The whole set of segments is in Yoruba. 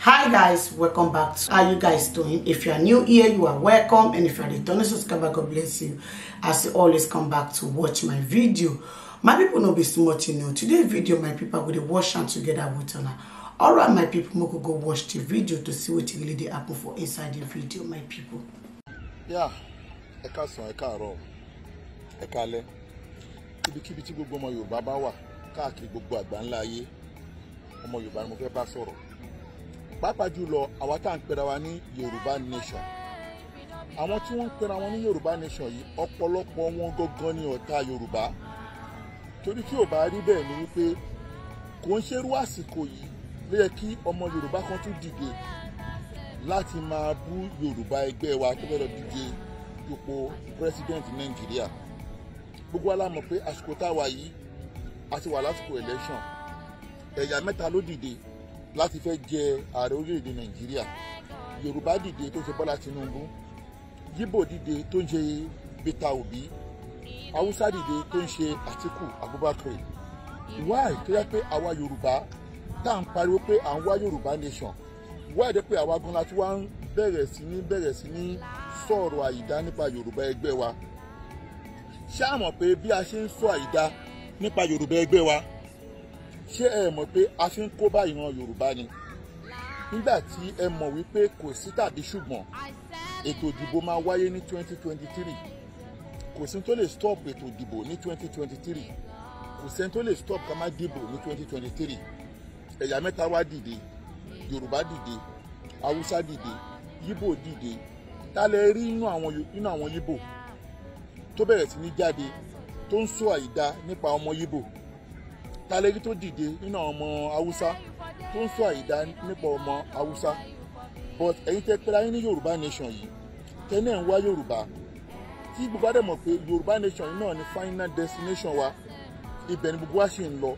hi guys welcome back to how you guys doing if you are new here you are welcome and if you are returning subscriber god bless you as you always come back to watch my video my people know be too much you know today video my people will dey watch together with una all right my people make we go watch the video to see what really dey happen for inside the video my people. Yeah, I yá ẹ káàsán ẹ káàárọ̀ ẹ káalẹ́ ibikíbi tí gbogbo ọmọ yorùbá bá wà káàkiri gbogbo àgbáńlá ayé ọmọ yorùbá ni mo fẹ́ bá sọ̀rọ̀ pàápàá jùlọ àwa tá à ń pera wa ní yorùbá nation àwọn tí wọ́n ń pera wọn ní yorùbá nation yìí ọ̀pọ̀lọpọ̀ wọn gangan ni ọ̀tá yorùbá torí tí ò bá rí bẹ́ẹ̀ ni wípé kò ń ṣerú àsìkò yìí ló yẹ kí ọmọ yorùbá kan tún dìde láti máa bú yorùbá ẹgbẹ́ wa tó fẹ́ lọ díje ipò president nàìjíríà gbogbo alámọ̀ pé àsìkò táwa yìí a ti wà lásìkò election ẹ̀yà mẹ́ta ló dìde láti fẹ́ jẹ ààrẹ orílẹ̀-èdè nàìjíríà yorùbá dìde tó ń ṣe bọ́lá tinubu yíbò dìde tó ń ṣe peter obi haúsá dìde tó ń ṣe àtìkù abubakar why tó yẹ pé àwa yorùbá tá à ń pariwo pé à ń wá yorùbá nation why dé pé àwa gan la ti wá ń bẹ̀rẹ̀ sí ní bẹ̀rẹ̀ sí ní sọ̀rọ̀ àyídá nípa yorùbá ẹgbẹ́ wa ṣé àmọ̀ pé bí a ṣe ń sọ àyídá nípa yorùbá ẹgbẹ́ wa ṣé ẹ mọ̀ pé a fi ń kó bá ìran Yorùbá ni nígbà tí ẹ mọ̀ wípé kò sí tàbí ṣùgbọ́n ètò ìdìbò máa wáyé ní 2023 kò sí tó lè stop ètò ìdìbò ní 2023 kò sẹ́ni tó lè stop ká má dìbò ní 2023 ẹ̀yà mẹ́ta wá dìde Yorùbá dìde Haúsá dìde Yíbò dìde tálẹ̀ rí inú àwọn inú àwọn Yíbò tó bẹ̀rẹ̀ sí ní jáde tó ń sọ àìdá nípa ọmọ Yíbò talérí tó dìde nínú àwọn ọmọ haúsá tó ń sọ àìdá nípa ọmọ haúsá but ẹ̀yin tẹ́ pẹ́ra yín ní yorùbá nation yìí tẹ́lẹ̀ ń wá yorùbá tí gbogbo adé mọ̀ pé yorùbá nation yìí náà ni final destination wa ibẹ̀ ni gbogbo wa sì ń lọ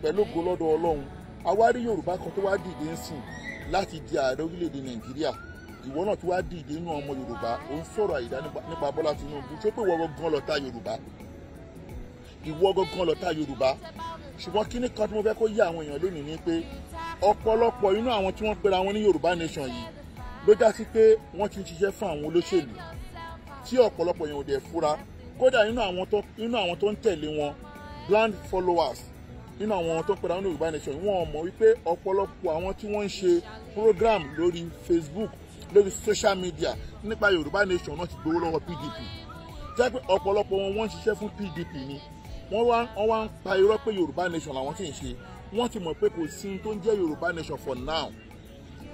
pẹ̀lú ògo lọ́dọ̀ ọlọ́run a wá rí yorùbá kan tó wá dìde ń sìn láti di ààrẹ orílẹ̀-èdè nàìjíríà ìwọ náà tó wá dìde inú ọmọ yorùbá ò sọ̀rọ̀ àìdá nípa bọ́lá tinubu ṣé pé wọ́n gan lọ́ta yorùbá ìwọ gangan lọ́tà yorùbá ṣùgbọ́n kíní kan tí mo fẹ́ kó yé àwọn èèyàn lónìí ni pé ọ̀pọ̀lọpọ̀ inú àwọn tí wọ́n pera wọn ní yorùbá nation yìí ló já sí pé wọ́n ti ń fún àwọn olóṣèlú tí ọ̀pọ̀lọpọ̀ èèyàn ò dẹ̀ fura kódà inú àwọn tó ń tẹ̀lé wọn blind followers nínú àwọn tó ń pera wọn ní yorùbá nation wọn mọ̀ wípé ọ̀pọ̀lọpọ̀ àwọn tí wọ́n ń ṣe program lórí facebook lórí social media nípa yorùbá nation náà ti gbowó lọ́wọ́ pdp jẹ́ pé ọ̀pọ̀lọpọ̀ wọn wọ́n ń ṣiṣẹ́ fún pdp ni wọ́n wá wọ́n wá ń pa irọ́ pé yorùbá nation làwọn sì ń ṣe wọ́n ti mọ̀ pé kò sí tó ń jẹ́ yorùbá nation for now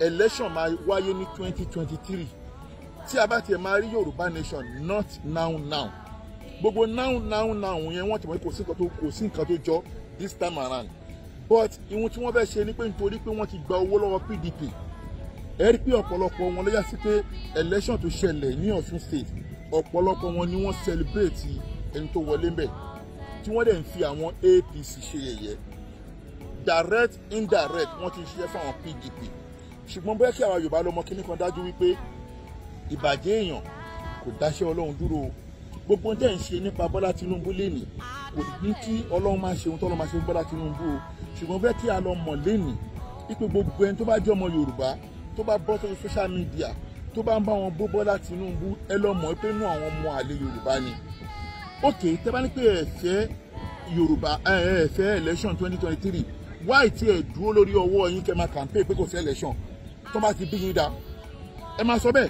election máa wáyé ní twenty twenty three tí a bá tiẹ̀ máa rí yorùbá nation not now now gbogbo now now now yẹn wọ́n ti mọ̀ pé kò sí nǹkan tó kò sí nǹkan tó jọ this time around but ìhun tí wọ́n fẹ́ ṣe ni pé nítorí pé wọ́n ti gba owó lọ́wọ́ pdp ẹ rí pé ọ̀pọ̀lọpọ̀ wọn ló yá sí pé election tó ṣẹlẹ̀ ní ọ̀ṣun state ọ̀pọ̀lọpọ̀ wọn ni wọ́n celebrate ẹni tó wọlé mbẹ̀ tí wọ́n dẹ̀ ń fi àwọn APC ṣe yẹ̀yẹ́ direct indirect wọ́n ti ṣiṣẹ́ fún àwọn PDP ṣùgbọ́n bóyá kí àwọn Yorùbá lọ́mọ kíní kan dájú wípé ìbàjẹ́ èèyàn kò dáṣẹ́ Ọlọ́run dúró gbogbo tẹ́ ń ṣe nípa Bọ́lá Tinubu lénìí kò ní kí Ọlọ́run máa ṣe ohun tọ́lọ́ máa ṣe Bọ́lá Tinubu o ṣùgbọ́n bẹ́ẹ̀ kí a lọ mọ̀ lénìí wípé gbogbo ẹni tó bá jẹ́ ọmọ Yorùbá tó bá bọ́ sórí social media tó bá ń bá wọn bó Bọ́lá Tinubu ẹ lọ mọ̀ pé inú àwọn ọmọ àlè Yorùbá ni ok tẹ́ bá ní pé ẹ fẹ́ yorùbá ẹ election twenty twenty three why tí ẹ dúró lórí ọwọ́ yín kẹ́ máa campaign pé kò sí election tó bá ti bí yín da ẹ máa sọ bẹ́ẹ̀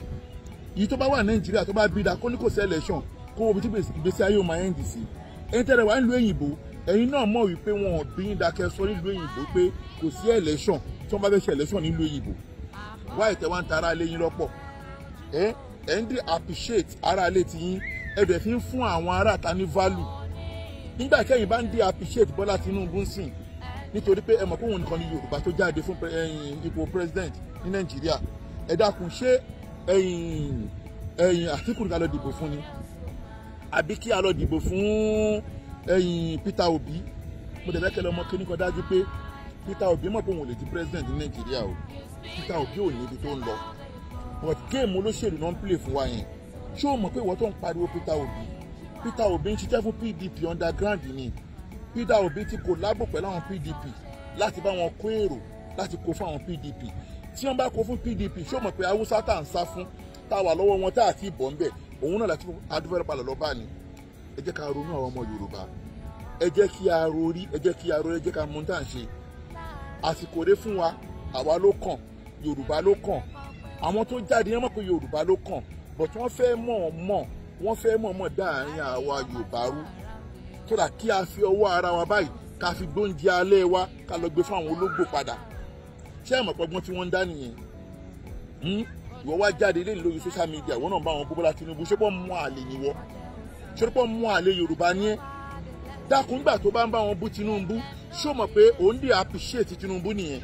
yìí tó bá wà nàìjíríà tó bá bí da kó ní kò sí election kó o bí tí gbèsè ayé o máa end sí ẹni tẹ́lẹ̀ wá nílùú èyìnbó ẹ̀yin náà mọ̀ wípé wọn ò bí yín da kẹ́ sọ nílùú èyìnbó pé kò sí election tí wọ́n bá fẹ́ ṣe election nílùú èyìnbó why tẹ́ wá ń ta ara lé yín lọ́pọ̀ ẹ ẹ ń dí appreciate ara lé ti yín ẹ̀dẹ̀ fi ń fún àwọn ará ta ní value nígbà kẹ́yìn bá ń dé appreciate Bọ́lá Tinubu ń sìn nítorí pé ẹ mọ̀ pé òun nìkan ni Yorùbá tó jáde fún ipò president ní Nàìjíríà ẹ dákun ṣé ẹ̀yin ẹ̀yin Àtíkù ká lọ dìbò fún ni àbí kí a lọ dìbò fún ẹ̀yin Peter Obi mo dẹ̀ fẹ́ kẹ́ lọ́mọ kí nìkan dájú pé Peter Obi mọ̀ pé òun ò lè di president ní Nàìjíríà o Peter Obi ò ní ibi tó ń lọ but géèmù olóṣèlú náà ń play fún wa yẹn ṣé o mọ̀ pé ìwọ tó ń pariwo Peter Obi Peter Obi ń ṣiṣẹ́ fún PDP underground ni Peter Obi ti kò lábò pẹ̀lú àwọn PDP láti bá wọn kó èrò láti kó fún àwọn PDP tí wọ́n bá kó fún PDP ṣé o mọ̀ pé Haúsá tá à ń sá fún tá a wà lọ́wọ́ wọn tá à ti bọ̀ ń bẹ̀ òun náà láti adúfẹ́rẹ́ balẹ̀ lọ́ba ni ẹ jẹ́ ká ronú àwọn ọmọ Yorùbá ẹ jẹ́ kí a rorí ẹ jẹ́ kí a rorí ẹ jẹ́ ká mú tá à ń ṣe àsìkò dé fún wa àwa ló kàn Yorùbá ló kàn àwọn tó jáde ẹ mọ̀ pé Yorùbá ló kàn but wọ́n fẹ́ mọ̀ mọ̀ wọ́n fẹ́ mọ̀ mọ̀ dáàrin àwa Yorùbá rú kódà kí a fi ọwọ́ ara wa báyìí ká fi gbóúnjẹ alẹ́ wa ká lọ gbé fún àwọn ológbò padà ṣé ẹ mọ̀ pọ́gbọ́n tí wọ́n ń dá nìyẹn ìwọ wá jáde lé lórí social media wọn náà bá wọn gbóbọ́lá Tinubu ṣé pọ́ mú àlè níwọ ṣé pọ́ mú àlè Yorùbá ní ẹ dákúngbà tó bá ń bá wọn bú Tinubu ṣó mọ̀ pé òun dì appreciate Tinubu nìyẹn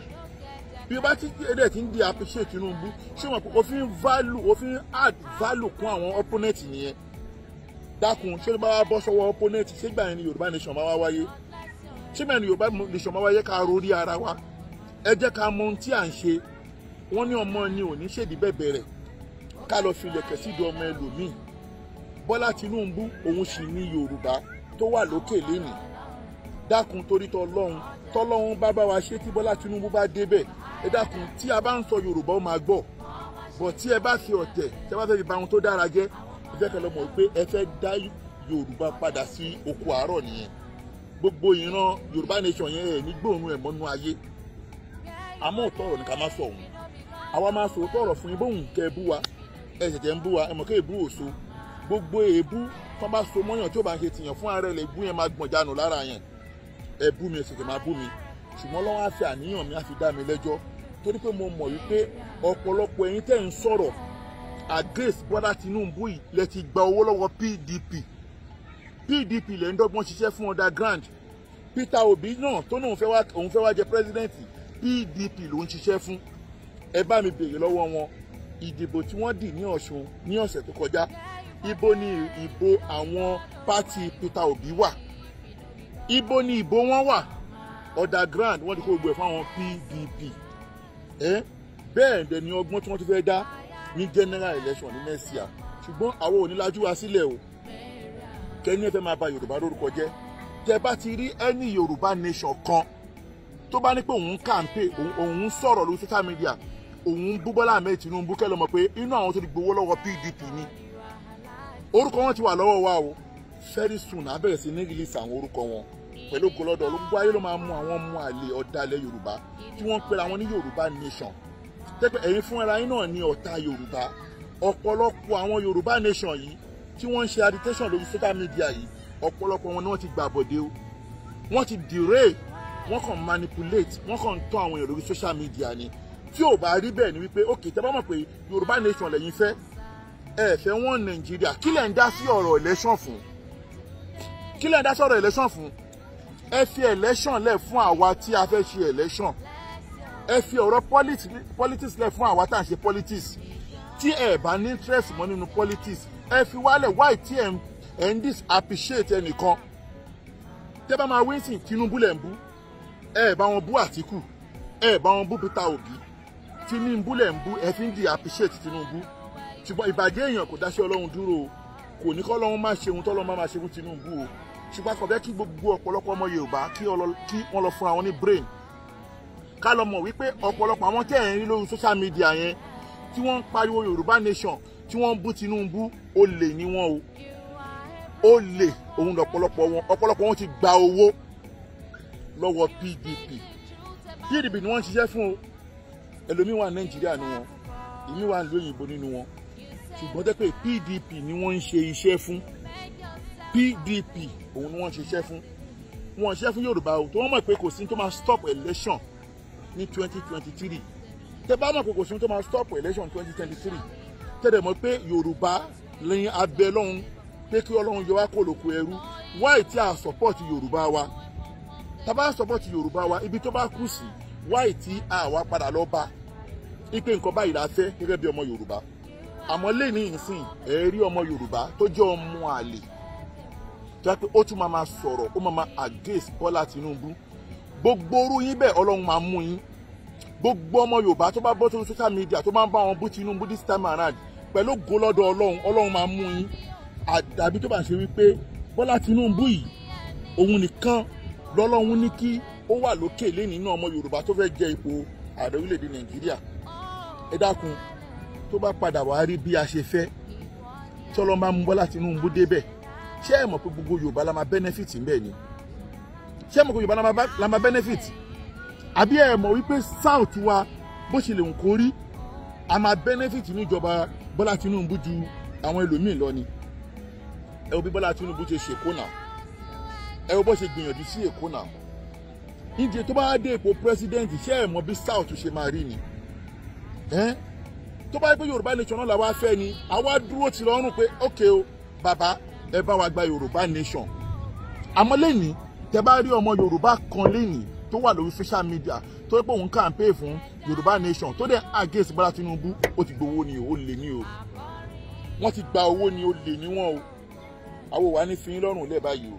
bí o bá ti dẹ̀ ti ń di appreciate Tinubu ṣé mọ̀ pé òfin value òfin add value kún àwọn opponent nìyẹn dákun ṣé ló bá wá bọ́ sọ́wọ́ opponent ṣégbà yẹn ni yorùbá nation máa wá wáyé ṣégbà yẹn ni yorùbá nation máa wáyé ká rórí ara wa ẹ jẹ́ ká mọ ohun tí à ń ṣe wọ́n ní ọmọ ni ò ní ṣèdí bẹ̀bẹ̀ rẹ̀ ká lọ fi ilẹ̀kẹ̀ sídi ọmọ ẹlòmíì bọ́lá tinubu òun sì ní yorùbá tó wà lókè lénìí dákun torí tọlọ́run tọlọ́run bá bá wa ṣe tí bọ́lá tinubu bá débẹ̀ ẹ dákun tí a bá ń sọ yorùbá ó máa gbọ́ bọ̀ tí ẹ bá fi ọ̀tẹ̀ tí ẹ bá fẹ́ fi ba ohun tó dára jẹ́ ẹ fẹ́ kẹ́ lọ mọ̀ pé ẹ fẹ́ dá Yorùbá padà sí oko àárọ̀ nìyẹn gbogbo ìran Yorùbá nation yẹn ẹ̀ ní gbóòórùn ẹ̀ mọ́nú ayé àmọ́ òtọ́rọ̀ ni ká má sọ òun àwa máa sọ òtọ́rọ̀ fún yín bóun kẹ́ ẹ bú wa ẹ ṣẹ̀ṣẹ̀ ń bú wa ẹ mọ̀ kẹ́ èbú òso gbogbo èébú tán bá so mọ́yàn tí ó bá ṣe tìyàn fún ààrẹ lè bú yẹn máa gbọ̀n jánu lára yẹn ẹ bú mi ẹ ṣẹ̀ṣẹ̀ máa bú mi ṣùgbọ́n lọ́wọ́ á fi àníyàn mi á fi dá mi lẹ́jọ́ torí pé mo mọ̀ wípé ọ̀pọ̀lọpọ̀ ẹ̀yin tẹ́ ń sọ̀rọ̀ Grace bọ́dá Tinubu yìí lẹ ti gba owó lọ́wọ́ PDP PDP lẹ́ ń dọ́gbọ́n ṣiṣẹ́ fún underground Peter Obi náà tó náà òun fẹ́ wá jẹ pírẹsidẹ́ǹtì PDP ló ń ṣiṣẹ́ fún ẹ bá mi béèrè lọ́wọ́ wọn ìdìbò tí wọ́n dì ní Ọ̀ṣun ní ọ̀sẹ̀ tó kọjá ibo ni ìbò àwọn pátì Peter Obi wà ibo ni ìbò wọn wà underground wọ́n ti kó gbogbo ẹ̀ fún àwọn PDP bẹ́ẹ̀ dẹ̀ ni ọgbọ́n tí wọ́n ti fẹ́ dá ní general election ní next year ṣùgbọ́n àwọn ò ní lajú wa sílẹ̀ o kẹ́ni ẹ fẹ́ máa bà yorùbá lórúkọ jẹ́ tẹ́ bá ti rí any yorùbá nation kan tó bá ní pé òun kàǹpé òun sọ̀rọ̀ lórí social media òun bú Bọ́lá Ahmed Tinubu kẹ́ ló mọ̀ pé inú àwọn tó ti gbowó lọ́wọ́ PDP ni orúkọ wọn ti wà lọ́wọ́ wa o very soon a bẹ̀rẹ̀ sí ní release àwọn orúkọ wọn pẹ̀lú ògbólọ́dọ̀ ló gbọ́ ayé ló máa mú àwọn ọmọ àlè ọ̀dàlẹ̀ yorùbá tí wọ́n pera wọn ní yorùbá nation tẹ́pẹ́ ẹ̀yin fúnra yín náà ní ọ̀tá yorùbá ọ̀pọ̀lọpọ̀ àwọn yorùbá nation yìí tí wọ́n ń ṣe agitation lórí social media yìí ọ̀pọ̀lọpọ̀ wọn ni wọ́n ti gbà bọ̀dé o wọ́n ti dìré wọ́n kàn manipulate wọ́n kàn ń tọ́ àwọn èèyàn lórí social media ni tí ò bá rí bẹ́ẹ̀ ni wípé ok tẹ́ bá mọ̀ pé yorùbá nation lẹ́yìn fẹ́ ẹ fẹ́ wọ́n nàìjíríà kí lẹ̀ ń dá sí ọ̀rọ̀ election fún kí lẹ̀ ń dá ẹ fi election lẹ̀ fún àwa tí a fẹ́ ṣe election ẹ fi ọ̀rọ̀ politics lẹ̀ fún àwa tá à ń ṣe politics tí ẹ bá ní interest mọ́ nínú politics ẹ fi wálẹ̀ why tí ẹ ń disappreciate ẹnìkan tẹ́ bá máa wí sí Tinubu lẹ̀ ń bú ẹ bá wọn bú Àtíkù ẹ bá wọn bú Peter Obi Tinubu lẹ̀ ń bú ẹ fi ń di appreciate Tinubu ṣùgbọ́n ìbàjẹ́ èèyàn kò dáṣẹ́ Ọlọ́run dúró o kò ní kọ́ lọ́run má ṣe ohun tọ́lọ́run máa ṣe fún Tinubu o ṣùgbọ́n a kàn fẹ́ kí gbogbo ọ̀pọ̀lọpọ̀ ọmọ Yorùbá kí wọ́n lọ fúnra wọn ní brain ká lọ mọ̀ wípé ọ̀pọ̀lọpọ̀ àwọn tẹ́ ẹ̀ ń rí lórí social media yẹn tí wọ́n ń pariwo Yorùbá nation tí wọ́n ń bú Tinubu olè ni wọ́n o olè òun lọ̀pọ̀lọpọ̀ wọn ọ̀pọ̀lọpọ̀ wọn ti gba owó lọ́wọ́ PDP PDP ni wọ́n ń ṣiṣẹ́ fún o ẹlòmíín Nàìjíríà ni wọn ìmí lóyìnbó nínú wọn ṣùgbọ́n tẹ́ PDP ni wọ́n ń ṣe iṣẹ́ fún PDP òun ni wọ́n ṣiṣẹ́ fún wọ́n ṣiṣẹ́ fún Yorùbá o tó wọ́n mọ̀ pé kò sí tó máa stop election ní twenty twenty three tẹ́ bá mọ̀ pé kò sí tó máa stop election twenty twenty three tẹ́ dẹ̀ mọ̀ pé Yorùbá lẹ́yìn abẹ́ lọ́hún pé kí Ọlọ́run yọ wá kó lóko ẹrú wáì tí a support Yorùbá wa tá bá support Yorùbá wa ibi tó bá kù sí wáì tí a wá padà lọ bá ipe nǹkan báyìí la fẹ́ gẹ́gẹ́ bí ọmọ Yorùbá àmọ́ lẹ́ni ìsìn ẹ̀ẹ́rí ọmọ Yorùbá tó jẹ́ ọmọ àlè tó yẹ pé ó tún máa ma sọ̀rọ̀ ó máa ma against Bọ́lá Tinubu gbogbo orú yín bẹ́ẹ̀ ọlọ́run máa mú yín gbogbo ọmọ Yorùbá tó bá bọ́ sórí social media tó máa ń bá wọn bú Tinubu this time around pẹ̀lú gólọ́dọ̀ ọlọ́run ọlọ́run máa mú yín àdàbí tó bá ṣe wípé Bọ́lá Tinubu yìí òun nìkan lọ́lọ́run ní kí ó wà lókè lẹ́ni inú ọmọ Yorùbá tó fẹ́ jẹ ipò ààrẹ orílẹ̀-èdè Nàìjíríà ẹ dákun tó bá padà wá rí bí a ṣe fẹ́ tọ́lọ́ máa mú Bọ́lá Tinubu débẹ̀ ṣé ẹ mọ̀ pé gbogbo yorùbá la máa benefit ńbẹ̀ ni ṣé ẹ mọ̀ pé yorùbá la máa benefit àbí ẹ mọ̀ wípé south wa bó ṣe lè ń kórí a máa benefit níjọba bọ́lá tinubu ju àwọn ẹlòmíín lọ ni ẹ wo bí bọ́lá tinubu ṣe ṣèkó náà ẹ wo bó ṣe gbìyànjú sí èkó náà níjẹ tó bá dé ipò president ṣé ẹ mọ̀ bí south ṣe máa rí ni tó bá yẹ pé yorùbá nation náà làwa fẹ́ ni àwa dúró ti lọ́rùn pé ok o bàbá ẹ bá wa gba yorùbá nation àmọ́ lẹ́ni tẹ bá rí ọmọ yorùbá kan lẹ́ni tó wà lórí social media tó pé òun campaign fún yorùbá nation tó dẹ̀ against bọ́lá tinubu ó ti gbowó ni ó lè ní o wọ́n ti gba owó ni ó lè ní wọ́n o àwọn wà ní fiyín lọ́rùn lẹ́ẹ̀ báyìí o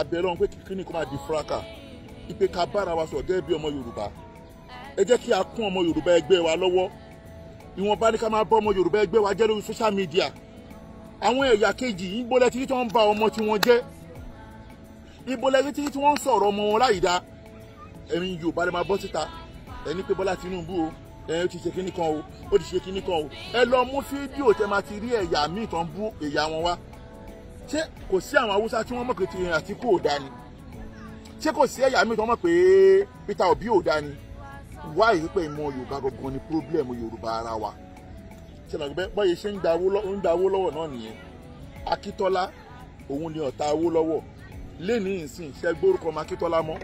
abẹ́rẹ́ wọn pé kíní kó máa di fúráká ìpè ká bára wa sọ̀rọ̀ gẹ́gẹ́ bí ọmọ yorùbá ẹ jẹ́ kí a kún ọmọ yorùbá ẹgbẹ́ wa lọ́wọ́ ìwọ̀nba ni ká máa bọ́ ọmọ yorùbá ẹgbẹ́ wa jẹ́ lórí social media àwọn ẹ̀yà kejì yìí bọ́lẹ̀ títí tí wọ́n ń ba ọmọ tí wọ́n jẹ́ ìbọ̀lẹ̀ títí tí wọ́n ń sọ̀rọ̀ ọmọ wọn láyìí dá ẹ̀yin Yorùbá lè máa bọ́ síta ẹni pé Bọ́lá Tinubu o ẹ̀yin ti ṣe kinní kan o ó ti ṣe kinní kan o ẹ lọ mú fídíò tẹ máa ti rí ẹ̀yà míì tán bú ẹ̀yà wọn wá ṣé kò sí àwọn Haúsá tí wọ́n mọ̀ pé tìrìn Àtíkù ò dáa ni ṣé kò sí ẹ̀yà míì tán mọ̀ pé Peter Obi ò dáa ni wáyé pé ìmọ̀ Yorùbá gangan ni problem Yorùbá ara wa ṣẹlẹ̀ pé bọ́yẹ ṣe ń da owó lọ́wọ́ náà nìyẹn Akíntọ́lá òun ni ọ̀tá owó lọ́wọ́ lẹ́ni ìsìn ṣe gbórúkọ ọmọ Akíntọ́lá mọ́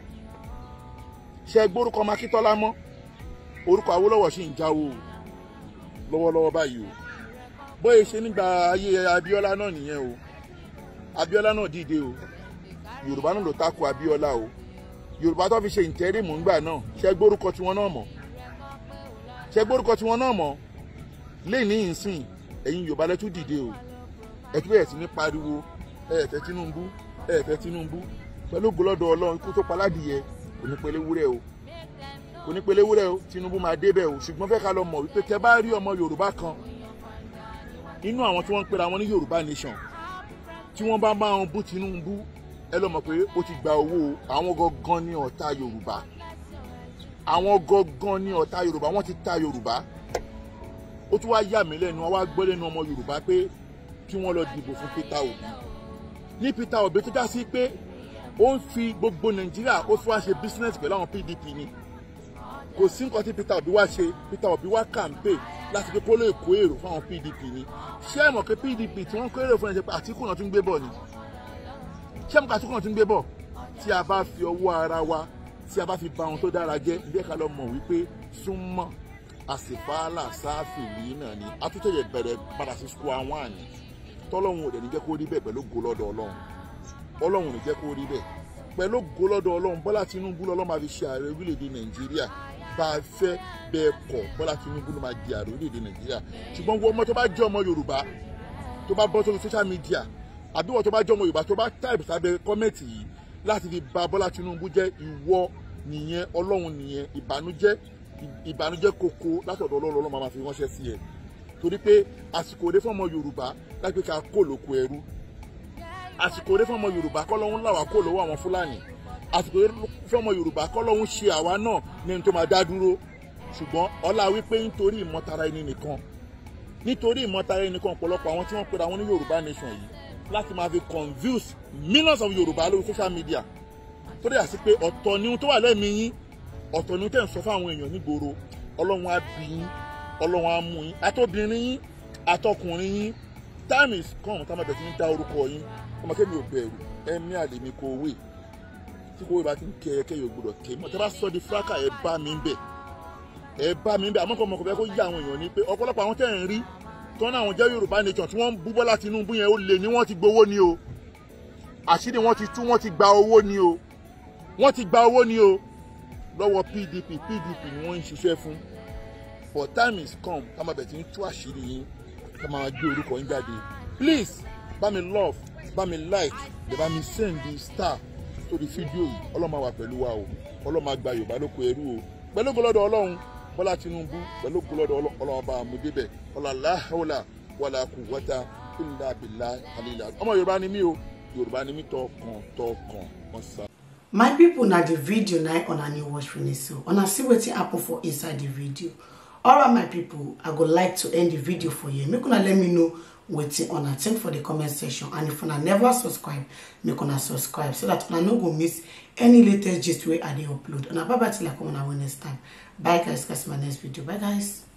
ṣe gbórúkọ ọmọ Akíntọ́lá mọ́ orúkọ Awólọ́wọ̀ sì ń jáwó lọ́wọ́lọ́wọ́ báyìí o bóyá ṣe nígbà ayé Abíọ́lá náà nìyẹn o Abíọ́lá náà dìde o Yorùbá náà ló tako Abíọ́lá o Yorùbá tó fi ṣe ìtẹ́rìmù ńgbà náà ṣe gbórúkọ tiwọn náà mọ̀ ṣe gbórúkọ tiwọn náà mọ̀ lẹ́yìn ìsìn ẹ̀yin yorùbá lẹ́tún dìde o ẹ tún bẹ̀rẹ̀ ní pariwo ẹ fẹ́ tinubu ẹ fẹ́ tinubu pẹ̀lú gọlọ́dọ̀ ọlọ́run ikú tó paládìyẹ kò ní pẹ̀lẹ́ o kò ní pẹ̀lẹ́ wúrẹ́ o tinubu máa débẹ̀ o ṣùgbọ́n fẹ́ ká lọ mọ̀ wípé tẹ bá rí ọmọ yorùbá kan inú àwọn tí wọ́n ń pera wọn ní yorùbá nation tí wọ́n bá máa ń bú tinubu ẹ lọ mọ̀ pé ó ti gba owó àwọn gangan ní ọ̀tá yorùbá àwọn gangan ní ọ̀tá yorùbá wọ́n ti ta yorùbá ó tún wáá yà mí lẹ́nu wọ́n wá gbọ́ lẹ́nu ọmọ Yorùbá pé kí wọ́n lọ dìbò fún Peter Obi ní Peter Obi tó já sí pé ó ń fi gbogbo Nàìjíríà ó fi wá ṣe business pẹ̀lú àwọn PDP ni kò sí nǹkan tí Peter Obi wá ṣe Peter Obi wá campaign láti fi kó lè kó èrò fún àwọn PDP ni ṣé ẹ mọ̀ pé PDP tí wọ́n kó èrò fún ẹ̀ ṣe pé Àtíkù náà tún gbé bọ̀ ni ṣé ẹ mọ̀ pé Àtíkù náà tún gbé bọ̀ tí a bá fi ọwọ́ ara wa tí a bá fi ba ohun tó dára jẹ́ ilé ẹ̀ka lọ mọ̀ wípé súnmọ́ àsìpáàlà sáfìlì náà ni atútẹ̀yẹ bẹ̀rẹ̀ padà sí sukuu àwọn àní tọ́lọ́hún òde ní jẹ́ kó rí bẹ́ẹ̀ pẹ̀lú golọ́dọ̀ ọlọ́run ọlọ́run ò ní jẹ́ kó rí bẹ́ẹ̀ pẹ̀lú golọ́dọ̀ ọlọ́run bọ́lá tinubu lọ́lọ́ máa fi ṣe ààrẹ orílẹ̀-èdè nàìjíríà bá a fẹ́ bẹ́ẹ̀ kọ̀ bọ́lá tinubu ló máa di ààrẹ orílẹ̀-èdè nàìjíríà ṣùgbọ́n wọ́n mọ́ tó bá jẹ́ ọmọ yorùbá tó bá bọ́ sórí social media àbí wọ́n tó bá jẹ́ ọmọ yorùbá tó bá type sábẹ́ kọ́mẹ̀tì yìí láti fi bà bọ́lá tinubu jẹ́ ìwọ nìyẹn ọlọ́run nìyẹn ìbànújẹ́ ìbànújẹ́ koko látọ̀dọ̀ ọlọ́run ọlọ́run máa fi ránṣẹ́ sí ẹ torí pé àsìkò òde fún ọmọ yorùbá lágbè ká kó lóko ẹrú àsìkò òde fún ọmọ yorùbá kọ́lọ́hún làwà kó lọ́wọ́ àwọn fúlàní àsìkò òde fún ọmọ yorùbá kọ́lọ́hún ṣe àwa náà ní ẹni tó máa dá dúró ṣùgbọ́n ọlá wípé nítorí ìmọ̀tara ẹni nìkan nítorí ìmọ̀tara ẹni nìkan ọ̀pọ̀lọpọ̀ àwọn tí wọ́n pera wọn ní yorùbá nation yìí láti máa fi confuse millions of yorùbá lórí social media tó dẹ̀ àti pé ọ̀tọ̀ ni ohun tó wà lẹ́mìí yín ọ̀tọ̀ ní tẹ̀ ń sọ fáwọn èèyàn nígboro ọlọ́run á bí yín ọlọ́run á mú yín àtọ́bìnrin yín àtọkùnrin yín time is come tá a máa bẹ̀rẹ̀ sí ní ta orúkọ yín ọmọ kẹ́mi ò bẹ̀rù ẹ̀mí àlè mi kò wé tí kò wé bá ti ń kẹ ẹ kẹ́yọ̀ gbọdọ̀ kẹ́ mọ́ tí a bá sọ di fúlákà ẹ bá mi bẹ̀ ẹ bá mi bẹ̀ àmọ́ ni pé ọ̀pọ̀lọpọ̀ àwọn tẹ̀ ni o àṣírí wọ́n ti tú wọ́n ti gba owó ni o wọ́n ti gba owó ni o lọ́wọ́ PDP PDP ni wọ́n ń ṣiṣẹ́ fún but time is come ká máa bẹ̀ tí ń tú àṣírí yín ká máa gbé orúkọ yín jáde please bá mi love bá mi like dẹ̀ bá mi send the star sórí fídíò yìí ọlọ́mọ wà pẹ̀lú wa o ọlọ́mọ àgbà yorùbá ló kó ẹrú o pẹ̀lú gbọ́lọ́dọ̀ ọlọ́run bọ́lá tinubu pẹ̀lú gbọ́lọ́dọ̀ ọlọ́run bá mu débẹ̀ ọ̀làlá hàwùlà wàlà kù wọ́ta illa billahi alila ọmọ yorùbá ni mí o yorùbá ni mí tọkàn tọkàn ọ̀sán my people na the video na on a new watch finish so on a see wetin happen for inside the video all right my people i would like to end the video for you. make una let me know wetin una think for the comment section and if una never subscribe make una subscribe so that una no go miss any latest gist wey i dey upload una bye bye till i come una next time bye guys catch my next video bye guys